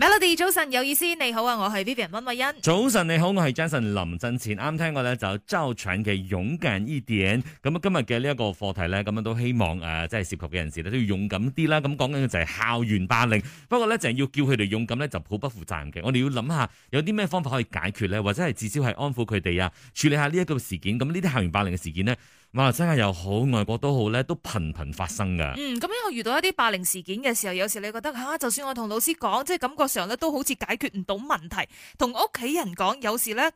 Melody 早晨有意思，你好啊，我係 Vivian 溫慧欣。早晨你好，我係 Jason 林振前。啱聽過咧，就周長嘅勇敢一點。咁啊今日嘅呢一個課題咧，咁樣都希望誒、呃，即係涉及嘅人士咧都要勇敢啲啦。咁講緊嘅就係校園霸凌，不過咧就係要叫佢哋勇敢咧就好不負責任嘅。我哋要諗下有啲咩方法可以解決咧，或者係至少係安撫佢哋啊，處理下呢一個事件。咁呢啲校園霸凌嘅事件咧，馬來西亞又好，外國都好咧，都頻頻發生噶。嗯，咁樣我遇到一啲霸凌事件嘅時候，有時你覺得吓，啊，就算我同老師講，即係感覺上咧都好似解決唔到問題。同屋企人講，有時咧。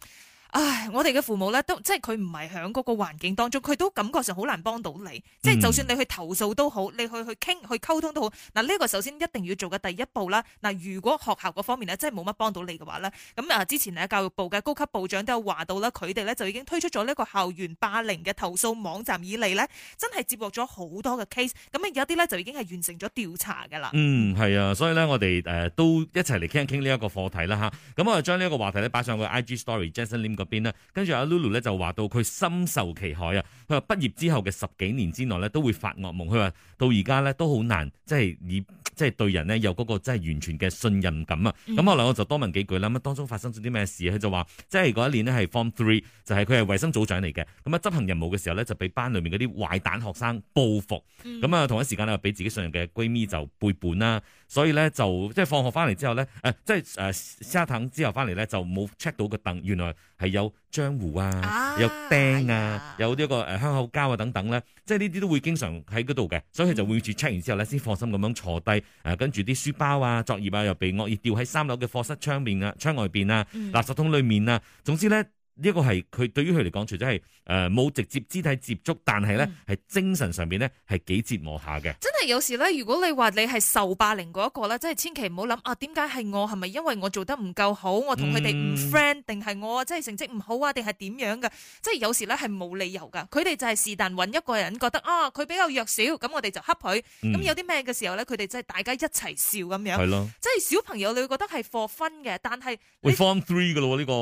唉，我哋嘅父母咧都即係佢唔係喺嗰個環境當中，佢都感覺上好難幫到你。即係，嗯、就算你去投訴都好，你去去傾去溝通都好。嗱，呢個首先一定要做嘅第一步啦。嗱，如果學校個方面呢真係冇乜幫到你嘅話呢，咁啊之前呢教育部嘅高級部長都有話到啦，佢哋呢就已經推出咗呢個校園霸凌嘅投訴網站以嚟呢，真係接獲咗好多嘅 case。咁有啲呢就已經係完成咗調查㗎啦。嗯，係啊，所以呢我哋誒都一齊嚟傾一傾呢一個課題啦吓，咁啊將呢一個話題擺上 IG story 入邊咧？跟住阿 Lulu 咧就話到，佢深受其害啊！佢話畢業之後嘅十幾年之內咧，都會發噩夢。佢話到而家咧都好難，即係以。即係對人咧有嗰個即係完全嘅信任感啊！咁我來我就多問幾句啦。咁當中發生咗啲咩事？佢就話，即係嗰一年呢係 Form Three，就係佢係衛生組長嚟嘅。咁啊執行任務嘅時候咧，就俾班裏面嗰啲壞蛋學生報復。咁啊同一時間咧，俾自己信任嘅閨蜜就背叛啦。所以咧就即係放學翻嚟之後咧，啊，即係下，啊，沙灘之後翻嚟咧就冇 check 到個凳，原來係有。漿糊啊，有釘啊，有呢一、啊哎、呀個誒香口膠啊等等咧，即係呢啲都會經常喺嗰度嘅，所以就會住 check 完之後咧，先放心咁樣坐低，誒跟住啲書包啊、作業啊，又被惡意掉喺三樓嘅課室窗面啊、窗外邊啊、嗯、垃圾桶裏面啊，總之咧。呢個係佢對於佢嚟講，除咗係誒冇直接肢體接觸，但係咧係精神上邊咧係幾折磨下嘅、嗯。真係有時咧，如果你話你係受霸凌嗰一、那個咧，真係千祈唔好諗啊！點解係我？係咪因為我做得唔夠好？我同佢哋唔 friend 定係、嗯、我即係成績唔好啊？定係點樣嘅？即係有時咧係冇理由噶。佢哋就係是但揾一個人，覺得啊佢比較弱小，咁我哋就恰佢。咁、嗯、有啲咩嘅時候咧，佢哋真係大家一齊笑咁樣。係咯的，即係小朋友你會覺得係 for fun 嘅，但係會 form three 噶咯呢個。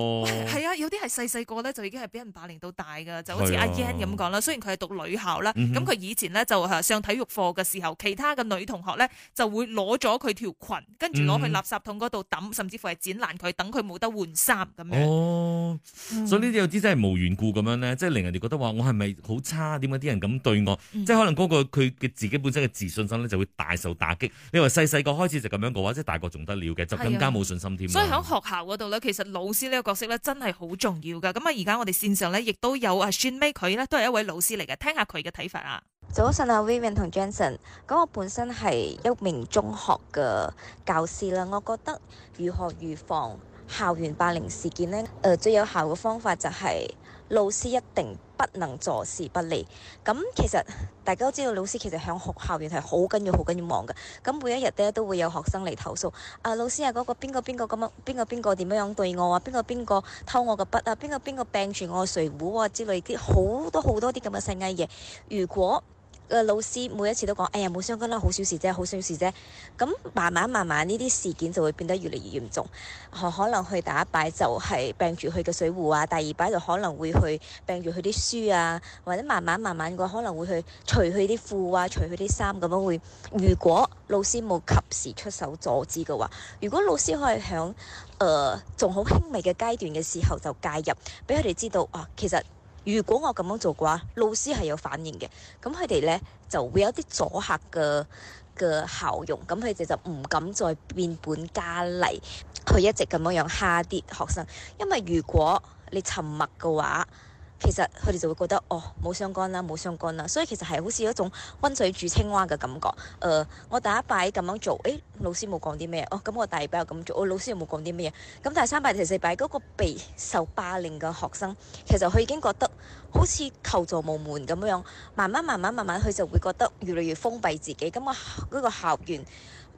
係啊，有啲係細。細個咧就已經係俾人霸凌到大噶，就好似阿 Yan 咁講啦。雖然佢係讀女校啦，咁佢、啊嗯、以前咧就吓上體育課嘅時候，其他嘅女同學咧就會攞咗佢條裙，跟住攞去垃圾桶嗰度抌，甚至乎係剪爛佢，等佢冇得換衫咁樣。哦，嗯、所以呢啲有啲真係無緣故咁樣咧，即係令人哋覺得話我係咪好差？點解啲人咁對我？嗯、即係可能嗰個佢嘅自己本身嘅自信心咧就會大受打擊。你話細細個開始就咁樣嘅話，即係大個仲得了嘅，就更加冇信心添、啊。所以喺學校嗰度咧，其實老師呢個角色咧真係好重要。咁啊，而家我哋線上咧，亦都有啊，算尾佢咧，都係一位老師嚟嘅，聽下佢嘅睇法啊。早晨啊，Vivian 同 Johnson，咁我本身係一名中學嘅教師啦。我覺得如何預防校園霸凌事件咧？誒、呃，最有效嘅方法就係、是。老師一定不能坐視不理。咁其實大家都知道，老師其實喺學校入邊係好緊要、好緊要忙嘅。咁每一日呢都會有學生嚟投訴，啊老師啊嗰、那個邊個邊個咁啊，邊個邊個點樣樣對我啊，邊個邊個偷我個筆啊，邊個邊個病住我嘅水壺啊之類啲好多好多啲咁嘅細藝嘢。如果嗰老師每一次都講，哎呀冇傷筋啦，好小事啫，好小事啫。咁慢慢慢慢呢啲事件就會變得越嚟越嚴重，可能去第一擺就係掟住佢嘅水壺啊，第二擺就可能會去掟住佢啲書啊，或者慢慢慢慢嘅可能會去除佢啲褲啊，除佢啲衫咁樣會。如果老師冇及時出手阻止嘅話，如果老師可以喺誒仲好輕微嘅階段嘅時候就介入，俾佢哋知道啊，其實。如果我咁樣做嘅話，老師係有反應嘅，咁佢哋咧就會有啲阻嚇嘅嘅效用，咁佢哋就唔敢再變本加厲，去一直咁樣樣蝦啲學生，因為如果你沉默嘅話。其實佢哋就會覺得哦，冇相干啦，冇相干啦，所以其實係好似一種溫水煮青蛙嘅感覺。誒、呃，我第一擺咁樣做，誒、哎、老師冇講啲咩，哦，咁我第二擺又咁做，我、哦、老師又冇講啲咩嘢。咁第三擺第四擺，嗰個被受霸凌嘅學生，其實佢已經覺得好似求助無門咁樣，慢慢慢慢慢慢，佢就會覺得越來越封閉自己。咁我嗰個校園。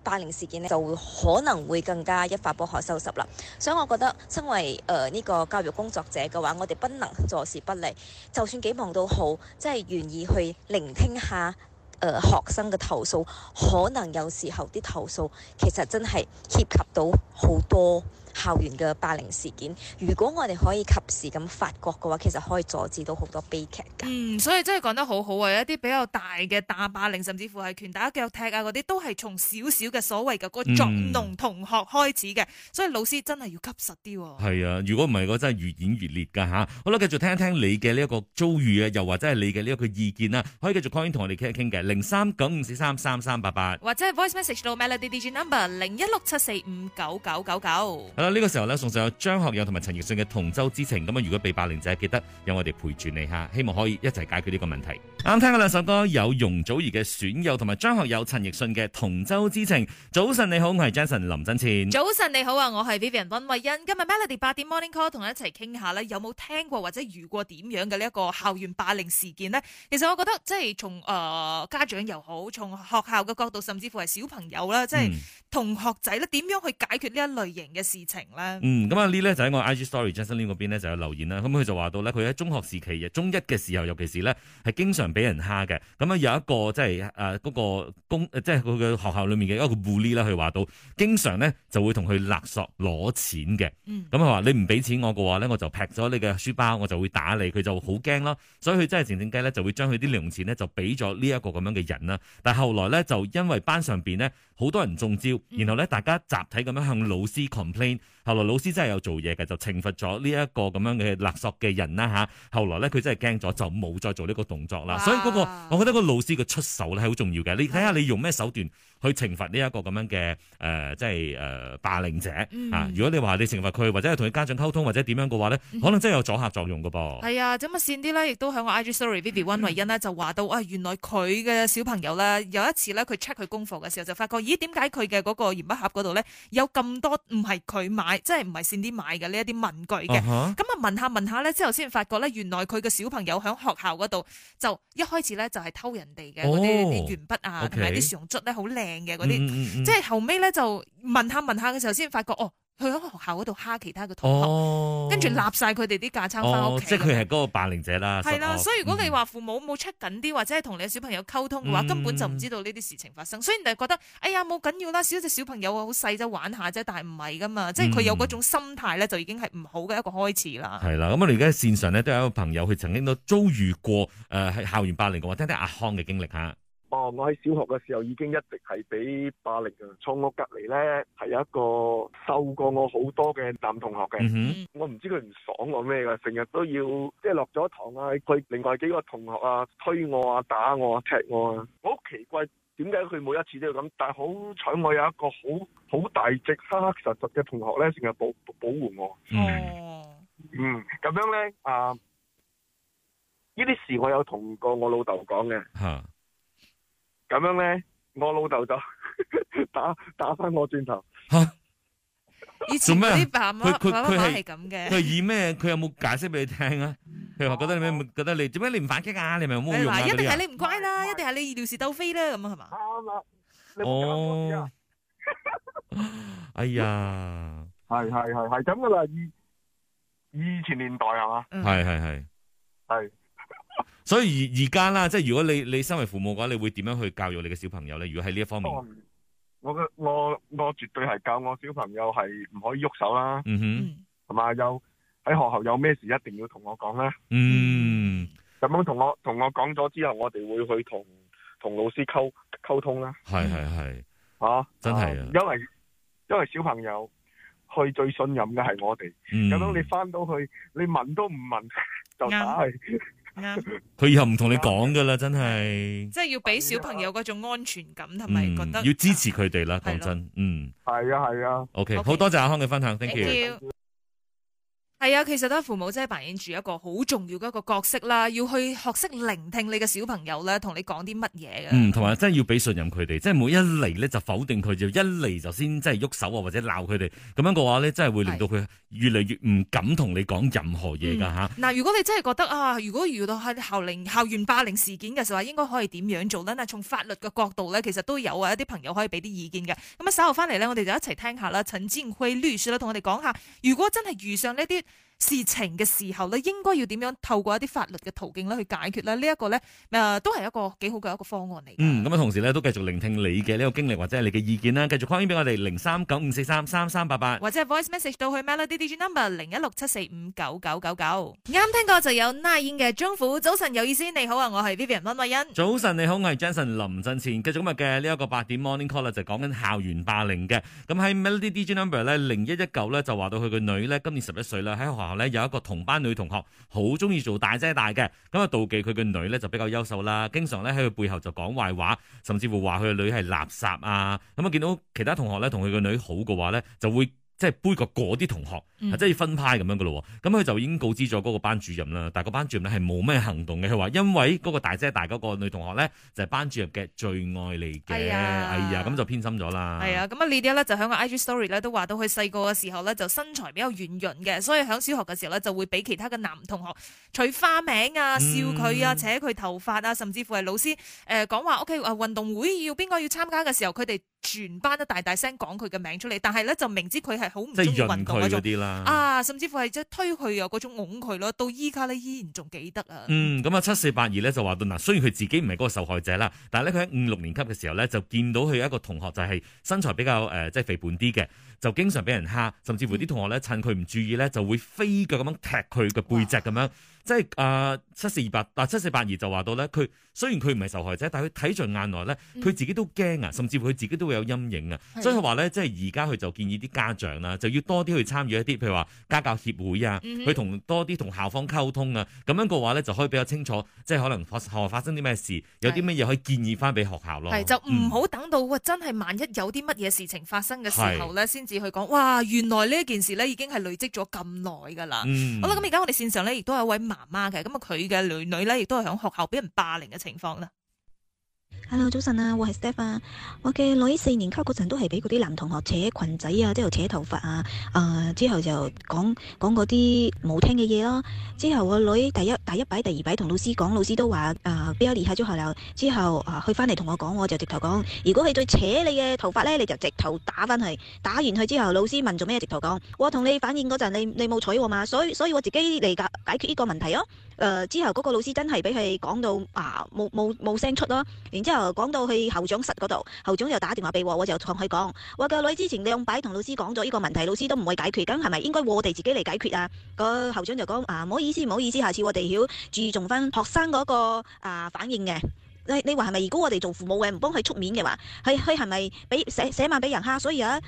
霸凌事件咧就會可能會更加一發不可收拾啦，所以我覺得身為誒呢個教育工作者嘅話，我哋不能坐視不理，就算幾忙都好，即係願意去聆聽下誒學生嘅投訴，可能有時候啲投訴其實真係涉及到好多。校園嘅霸凌事件，如果我哋可以及時咁發覺嘅話，其實可以阻止到好多悲劇㗎。嗯，所以真係講得好好啊！一啲比較大嘅大霸凌，甚至乎係拳打腳踢啊嗰啲，都係從小小嘅所謂嘅個作弄同學開始嘅。嗯、所以老師真係要急實啲。係啊，如果唔係，我真係越演越烈㗎吓、啊，好啦，繼續聽一聽你嘅呢一個遭遇啊，又或者係你嘅呢一個意見啦，可以繼續 call in 同我哋傾一傾嘅，零三九五四三三三八八，或者係 voice message 到、no、melodydj number 零一六七四五九九九九。呢個時候咧，送上有張學友同埋陳奕迅嘅《同舟之情》。咁啊，如果被霸凌者，記得有我哋陪住你吓，希望可以一齊解決呢個問題。啱聽嗰兩首歌，有容祖兒嘅《損友》同埋張學友、陳奕迅嘅《同舟之情》。早晨你好，我係 Jason 林真前。早晨你好啊，我係 Vivian 溫慧欣。今日 Melody 八點 Morning Call 同我一齊傾下咧，有冇聽過或者遇過點樣嘅呢一個校園霸凌事件咧？其實我覺得即係從誒家長又好，從學校嘅角度，甚至乎係小朋友啦，即係同學仔咧，點樣去解決呢一類型嘅事情？情嗯，咁啊，呢咧就喺我 IG Story Justin Lee 嗰邊咧就有留言啦。咁佢就話到咧，佢喺中學時期，中一嘅時候，尤其是咧，係經常俾人蝦嘅。咁啊，有一個即係嗰、呃嗰個公，即係佢嘅學校裏面嘅一個 bully 啦，佢話到經常咧就會同佢勒索攞錢嘅。咁佢話你唔俾錢我嘅話咧，我就劈咗你嘅書包，我就會打你。佢就好驚囉。所以佢真係靜靜雞咧就會將佢啲零用錢咧就俾咗呢一個咁樣嘅人啦。但後來咧就因為班上邊咧。好多人中招，然後咧，大家集體咁樣向老師 complain。後來老師真係有做嘢嘅，就懲罰咗呢一個咁樣嘅勒索嘅人啦吓。後來咧佢真係驚咗，就冇再做呢個動作啦。所以嗰個，我覺得個老師嘅出手咧係好重要嘅。你睇下你用咩手段去懲罰呢一個咁樣嘅誒，即係誒霸凌者啊？如果你話你懲罰佢，或者係同佢家長溝通，或者點樣嘅話咧，可能真係有阻嚇作用嘅噃。係、嗯、啊，咁啊善啲啦，亦都喺我 IG story Vivian 溫慧欣呢，就話到啊，原來佢嘅小朋友咧有一次咧，佢 check 佢功課嘅時候就發覺，咦，點解佢嘅嗰個鉛筆盒嗰度咧有咁多唔係佢買的。真係唔係先啲買嘅呢一啲文具嘅，咁啊、uh huh? 問下問下咧，之後先發覺咧，原來佢嘅小朋友喺學校嗰度就一開始咧就係偷人哋嘅嗰啲啲鉛筆啊，同埋啲橡珠咧好靚嘅嗰啲，即係、mm hmm. 後尾咧就問下問下嘅時候先發覺哦。.去喺學校嗰度蝦其他嘅同學，哦、跟住立晒佢哋啲架撐翻屋企。即係佢係嗰個霸凌者啦。係啦學，所以如果你話父母冇 check 緊啲，嗯、或者係同你嘅小朋友溝通嘅話，根本就唔知道呢啲事情發生。所以你係覺得，哎呀，冇緊要啦，少隻小朋友啊，好細仔，玩下啫，但係唔係噶嘛，嗯、即係佢有嗰種心態咧，就已經係唔好嘅一個開始啦。係啦，咁我哋而家線上咧都有一個朋友，佢曾經都遭遇過誒喺校園霸凌嘅話，聽聽阿康嘅經歷吓。哇！Oh, 我喺小學嘅時候已經一直係俾霸凌啊！坐我隔離咧，係有一個瘦過我好多嘅男同學嘅。Mm hmm. 我唔知佢唔爽我咩嘅，成日都要即係落咗堂啊！佢另外幾個同學啊，推我啊，打我啊，踢我啊！我好奇怪，點解佢每一次都要咁？但係好彩我有一個好好大隻、黑黑實實嘅同學咧，成日保保護我。哦、mm，hmm. 嗯，咁樣咧啊，呢啲事我有同過我老豆講嘅。嚇～、huh. 咁樣咧，我老豆就打打翻我轉頭。以前啲爸媽、爸爸媽媽係咁嘅。佢以咩？佢有冇解釋俾你聽啊？佢話覺得你咩？覺得你做咩？你唔反擊啊？你咪冇用。一定係你唔乖啦，一定係你撩事鬥非啦，咁啊係嘛？哦，哎呀，係係係係咁噶啦，以以前年代係嘛？係係係係。所以而而家啦，即係如果你你身為父母嘅話，你會點樣去教育你嘅小朋友咧？如果喺呢一方面，嗯、我我我絕對係教我小朋友係唔可以喐手啦。嗯哼，係嘛？有喺學校有咩事一定要同我講啦。嗯，咁樣同我同我講咗之後，我哋會去同同老師溝溝通啦。係係係，是是是啊，真係，因為因為小朋友去最信任嘅係我哋。咁樣、嗯、你翻到去，你問都唔問就打去。嗯佢 以後唔同你講噶啦，真係。即係要俾小朋友嗰種安全感，同埋、啊、覺得、嗯、要支持佢哋啦。講真，啊、嗯，係啊，係啊。OK，okay. 好多謝阿康嘅分享，Thank you。係啊，其實咧，父母真係扮演住一個好重要嘅一個角色啦，要去學識聆聽你嘅小朋友咧，同、嗯、你講啲乜嘢嘅。嗯，同埋真係要俾信任佢哋，即係每一嚟咧就否定佢，就一嚟就先即係喐手啊，或者鬧佢哋，咁樣嘅話咧，真係會令到佢越嚟越唔敢同你講任何嘢噶吓。嗱，如果你真係覺得啊，如果遇到喺校齡校園霸凌事件嘅時候，應該可以點樣做呢？嗱，從法律嘅角度咧，其實都有啊，一啲朋友可以俾啲意見嘅。咁啊，稍後翻嚟咧，我哋就一齊聽，聽一下啦。陳志輝律師咧，同我哋講下，如果真係遇上呢啲。事情嘅時候咧，應該要點樣透過一啲法律嘅途徑咧去解決咧？呢一個咧，誒都係一個幾好嘅一個方案嚟。嗯，咁啊，同時咧都繼續聆聽你嘅呢個經歷或者係你嘅意見啦。繼續 call 翻俾我哋零三九五四三三三八八，或者係 voice message 到去 melody dj number 零一六七四五九九九九。啱聽過就有 nine 嘅張虎，早晨有意思，你好啊，我係 Vivian 温慧欣。早晨你好，我係 Jason 林振前。繼續今日嘅呢一個八點 morning call 咧，就講緊校園霸凌嘅。咁喺 melody dj number 咧零一一九咧，就話到佢個女咧今年十一歲啦，喺學校。咧有一個同班女同學好中意做大姐大嘅，咁啊妒忌佢嘅女咧就比較優秀啦，經常咧喺佢背後就講壞話，甚至乎話，佢嘅女係垃圾啊，咁啊見到其他同學咧同佢個女好嘅話咧，就會即係杯葛嗰啲同學。即係要分派咁樣嘅咯，咁佢就已經告知咗嗰個班主任啦。但係個班主任咧係冇咩行動嘅，佢話因為嗰個大姐大嗰個女同學咧就係、是、班主任嘅最愛嚟嘅，哎呀，咁、哎、就偏心咗啦。係啊、哎，咁啊呢啲咧就喺個 IG story 咧都話到佢細個嘅時候咧就身材比較圓潤嘅，所以喺小學嘅時候咧就會俾其他嘅男同學取花名啊、笑佢啊、嗯、扯佢頭髮啊，甚至乎係老師誒講話 OK 啊，運動會要邊個要參加嘅時候，佢哋全班都大大聲講佢嘅名出嚟，但係咧就明知佢係好唔中意運動嗰啊，甚至乎係即係推佢啊，嗰種㧬佢咯，到依家咧依然仲記得啊。嗯，咁啊七四八二咧就話到嗱，雖然佢自己唔係嗰個受害者啦，但係咧佢喺五六年級嘅時候咧就見到佢一個同學就係身材比較誒、呃、即係肥胖啲嘅，就經常俾人蝦，甚至乎啲同學咧趁佢唔注意咧就會飛腳咁樣踢佢嘅背脊咁樣。即係啊、呃，七四二八，嗱、啊、七四八二就話到咧，佢雖然佢唔係受害者，但係佢睇在眼內咧，佢、嗯、自己都驚啊，甚至乎佢自己都會有陰影啊。的所以佢話咧，即係而家佢就建議啲家長啦，就要多啲去參與一啲，譬如話家教協會啊，佢同、嗯、哼多啲同校方溝通啊，咁樣嘅話咧，就可以比較清楚，即係可能後來發生啲咩事，有啲乜嘢可以建議翻俾學校咯。就唔好等到真係、嗯、萬一有啲乜嘢事情發生嘅時候咧，先至的去講哇，原來呢一件事咧已經係累積咗咁耐㗎啦。嗯、好啦，咁而家我哋線上咧亦都有一位。媽媽嘅咁啊，佢嘅女女咧，亦都係響學校俾人霸凌嘅情況啦。Hello，早晨啊，我係 Steph 啊。我嘅女四年級嗰陣都係俾嗰啲男同學扯裙仔啊，之後扯頭髮啊，誒、呃、之後就講講嗰啲冇聽嘅嘢咯。之後我女第一第一擺、第二擺同老師講，老師都話誒不要理下咗後頭。之後誒佢翻嚟同我講，我就直頭講，如果佢再扯你嘅頭髮咧，你就直頭打翻佢。打完佢之後，老師問做咩，直頭講，我同你反應嗰陣，你你冇睬我嘛？所以所以我自己嚟解解決呢個問題咯。誒、呃、之後嗰個老師真係俾佢講到啊，冇冇冇聲出咯，然之後講到去校長室嗰度，校長又打電話俾我，我就同佢講：，話個女之前兩擺同老師講咗呢個問題，老師都唔會解決，咁係咪應該我哋自己嚟解決啊？個校長就講：啊唔好意思，唔好意思，下次我哋要注重返學生嗰、那個啊反應嘅。你你話係咪如果我哋做父母嘅唔幫佢出面嘅話，佢佢係咪俾寫寫萬俾人吓，所以啊，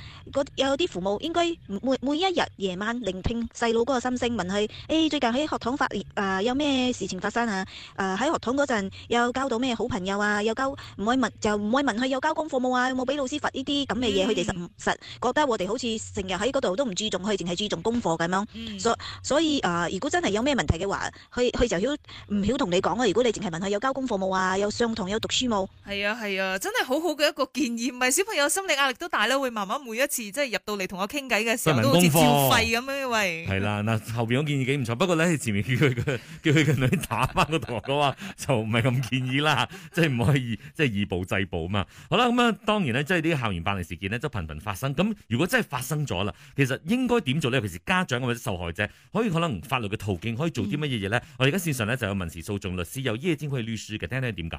有啲父母應該每每一日夜晚聆聽細佬嗰個心聲，問、欸、佢：，誒最近喺學堂發啊、呃、有咩事情發生啊？誒、呃、喺學堂陣又交到咩好朋友啊？又交唔會問就唔會問佢有交功課冇啊？有冇俾老師罰呢啲咁嘅嘢？佢哋、嗯、實實覺得我哋好似成日喺嗰度都唔注重佢，淨係注重功課咁樣。所、嗯、所以啊，如果真係有咩問題嘅話，佢佢就曉唔曉同你講啊，如果你淨係問佢有交功課冇啊？有。仲同有讀書冇？係啊係啊，真係好好嘅一個建議，唔係小朋友心理壓力都大啦，會慢慢每一次即係入到嚟同我傾偈嘅時候都好似消費咁樣喂。係啦、啊，嗱後邊我建議幾唔錯，不過咧前面叫佢叫佢嘅女打翻個同學嘅話就唔係咁建議啦，即係唔可以即係、就是、以暴制暴啊嘛。好啦，咁啊當然咧，即係啲校園霸凌事件咧就頻頻發生，咁如果真係發生咗啦，其實應該點做咧？尤其是家長或者受害者，可以可能法律嘅途徑可以做啲乜嘢嘢咧？嗯、我哋而家線上咧就有民事訴訟律師，有耶京會律師嘅，聽聽點講。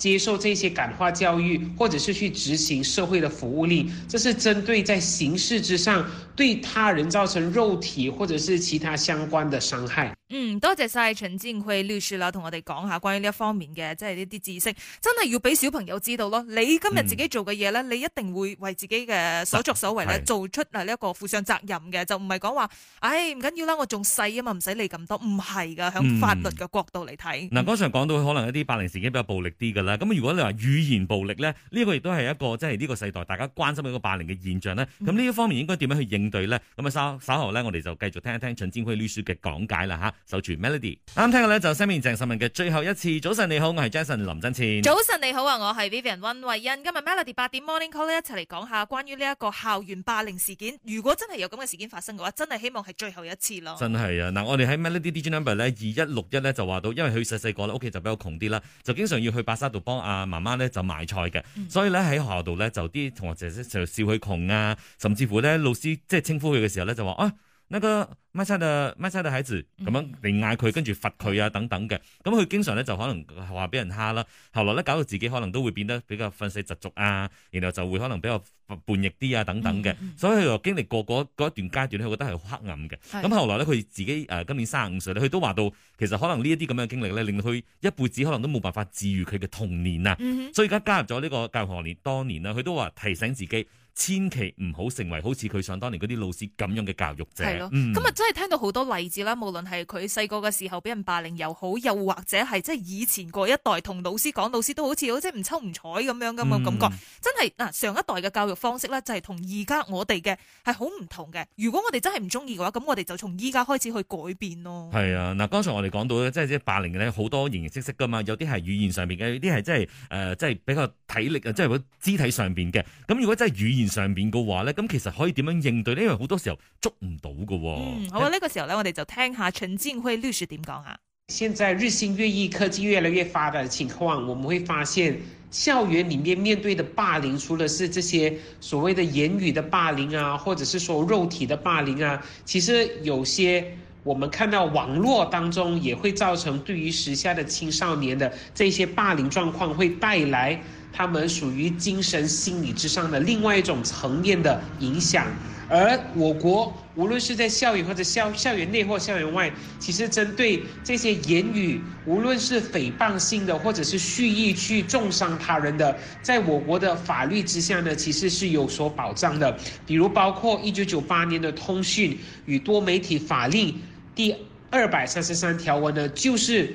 接受這些感化教育，或者是去執行社會的服務令，這是針對在刑事之上對他人造成肉體或者是其他相關的傷害。嗯，多謝晒，陳志慧律師啦，同我哋講下關於呢一方面嘅，即係呢啲知識，真係要俾小朋友知道咯。你今日自己做嘅嘢咧，嗯、你一定會為自己嘅所作所為咧是做出啊呢一個負上責任嘅，就唔係講話，唉唔緊要啦，我仲細啊嘛，唔使理咁多，唔係噶，響法律嘅角度嚟睇。嗱、嗯，剛才講到可能一啲八零後已經比較暴力啲噶啦。咁如果你話語言暴力咧，呢、呢個亦都係一個即係呢個世代大家關心嘅一個霸凌嘅現象咧。咁呢一方面應該點樣去應對咧？咁啊稍稍後咧，我哋就繼續聽一聽陳志輝律師嘅講解啦吓，守住 Melody 啱、嗯、聽嘅咧，就三面鄭秀文嘅最後一次。早晨你好，我係 Jason 林振前。早晨你好啊，我係 Vivian 温慧欣。今日 Melody 八點 Morning Call 咧，一齊嚟講下關於呢一個校園霸凌事件。如果真係有咁嘅事件發生嘅話，真係希望係最後一次咯。真係啊！嗱，我哋喺 Melody DJ Number 咧二一六一咧就話到，因為佢細細個咧屋企就比較窮啲啦，就經常要去白沙道。幫阿媽媽咧就買菜嘅，所以咧喺學校度咧，就啲同學仔咧就笑佢窮啊，甚至乎咧老師即係稱呼佢嘅時候咧，就話啊。那個麥莎的麥莎的孩子咁樣嚟嗌佢，跟住罰佢啊等等嘅，咁佢經常咧就可能話俾人蝦啦，後來咧搞到自己可能都會變得比較憤世嫉俗啊，然後就會可能比較叛逆啲啊等等嘅，嗯嗯、所以佢又經歷過嗰一段階段咧，佢覺得係好黑暗嘅。咁的後來咧，佢自己誒、呃、今年卅五歲咧，佢都話到，其實可能這這呢一啲咁樣嘅經歷咧，令到佢一輩子可能都冇辦法治愈佢嘅童年啊。嗯、哼所以而家加入咗呢個教育行列多年啦，佢都話提醒自己。千祈唔好成為好似佢上當年嗰啲老師咁樣嘅教育者。係咯的，嗯、今日真係聽到好多例子啦。無論係佢細個嘅時候俾人霸凌又好，又或者係即係以前嗰一代同老師講，老師都好似好似唔瞅唔睬咁樣嘅感覺。嗯、真係嗱，上一代嘅教育方式咧就係同而家我哋嘅係好唔同嘅。如果我哋真係唔中意嘅話，咁我哋就從而家開始去改變咯。係啊，嗱，剛才我哋講到咧，即係即係霸凌嘅好多形形色色噶嘛，有啲係語言上邊嘅，有啲係即係誒即係比較體力啊，即係嗰肢體上邊嘅。咁如果真係語言。上面嘅話咧，咁其實可以點樣應對呢？因為好多時候捉唔到嘅。嗯，好啊，呢個時候咧，我哋就聽下陳靜輝律師點講下。現在日新月異，科技越來越發達嘅情況，我們會發現校園裏面面對嘅霸凌，除了是這些所謂的言語嘅霸凌啊，或者是說肉體嘅霸凌啊，其實有些我們看到網絡當中也會造成對於時下嘅青少年的這些霸凌狀況，會帶來。他們屬於精神心理之上的另外一種層面的影響，而我國無論是在校園或者校校園內或校園外，其實針對這些言語，無論是誹謗性的或者是蓄意去重傷他人的，在我國的法律之下呢，其實是有所保障的。比如包括一九九八年的《通訊與多媒體法令》第二百三十三條文呢，就是。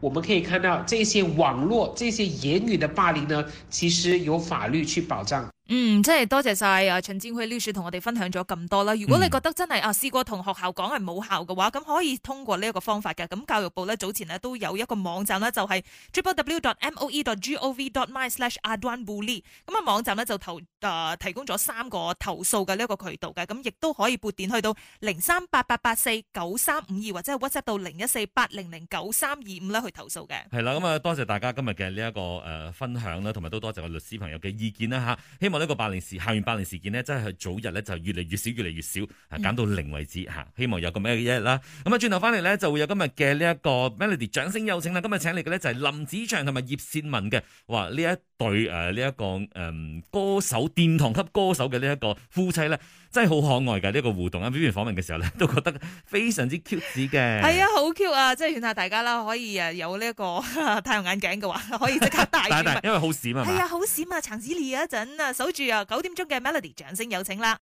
我們可以看到這些網絡、這些言語的霸凌呢，其實有法律去保障。嗯，真係多謝晒阿陳志輝律師同我哋分享咗咁多啦。如果你覺得真係、嗯、啊，試過同學校講係冇效嘅話，咁可以通過呢一個方法嘅。咁教育部呢，早前呢都有一個網站呢，就係、www.moe.gov.my/aduanbuli。咁啊網站呢，就投誒、呃、提供咗三個投訴嘅呢一個渠道嘅，咁亦都可以撥電去到零三八八八四九三五二，2, 或者係 WhatsApp 到零一四八零零九三二五咧去投訴嘅。係啦，咁啊多謝大家今日嘅呢一個誒、呃、分享啦，同埋都多謝我律師朋友嘅意見啦吓，希望。呢個百年事，下完百年事件呢，真係早日呢就越嚟越少，越嚟越少，減到零為止嚇。嗯、希望有咁嘅一日啦。咁啊，轉頭翻嚟呢，就會有今日嘅呢一個 melody 掌聲有請啦。今日請嚟嘅呢，就係林子祥同埋葉倩文嘅，哇！呢一對誒呢一個誒歌手殿堂級歌手嘅呢一個夫妻呢，真係好可愛嘅呢、呢個互動啊！表完訪問嘅時候呢，都覺得非常之 cute 嘅。係啊、 嗯，好 cute 啊！即係願下大家啦，可以誒有呢、呢、一個、啊、太陽眼鏡嘅話，可以即刻戴。 但係因為好閃嘛，啊、閃啊！係啊，好閃啊！陳子烈嗰陣啊，住啊！九點鐘嘅 Melody 掌聲有請啦。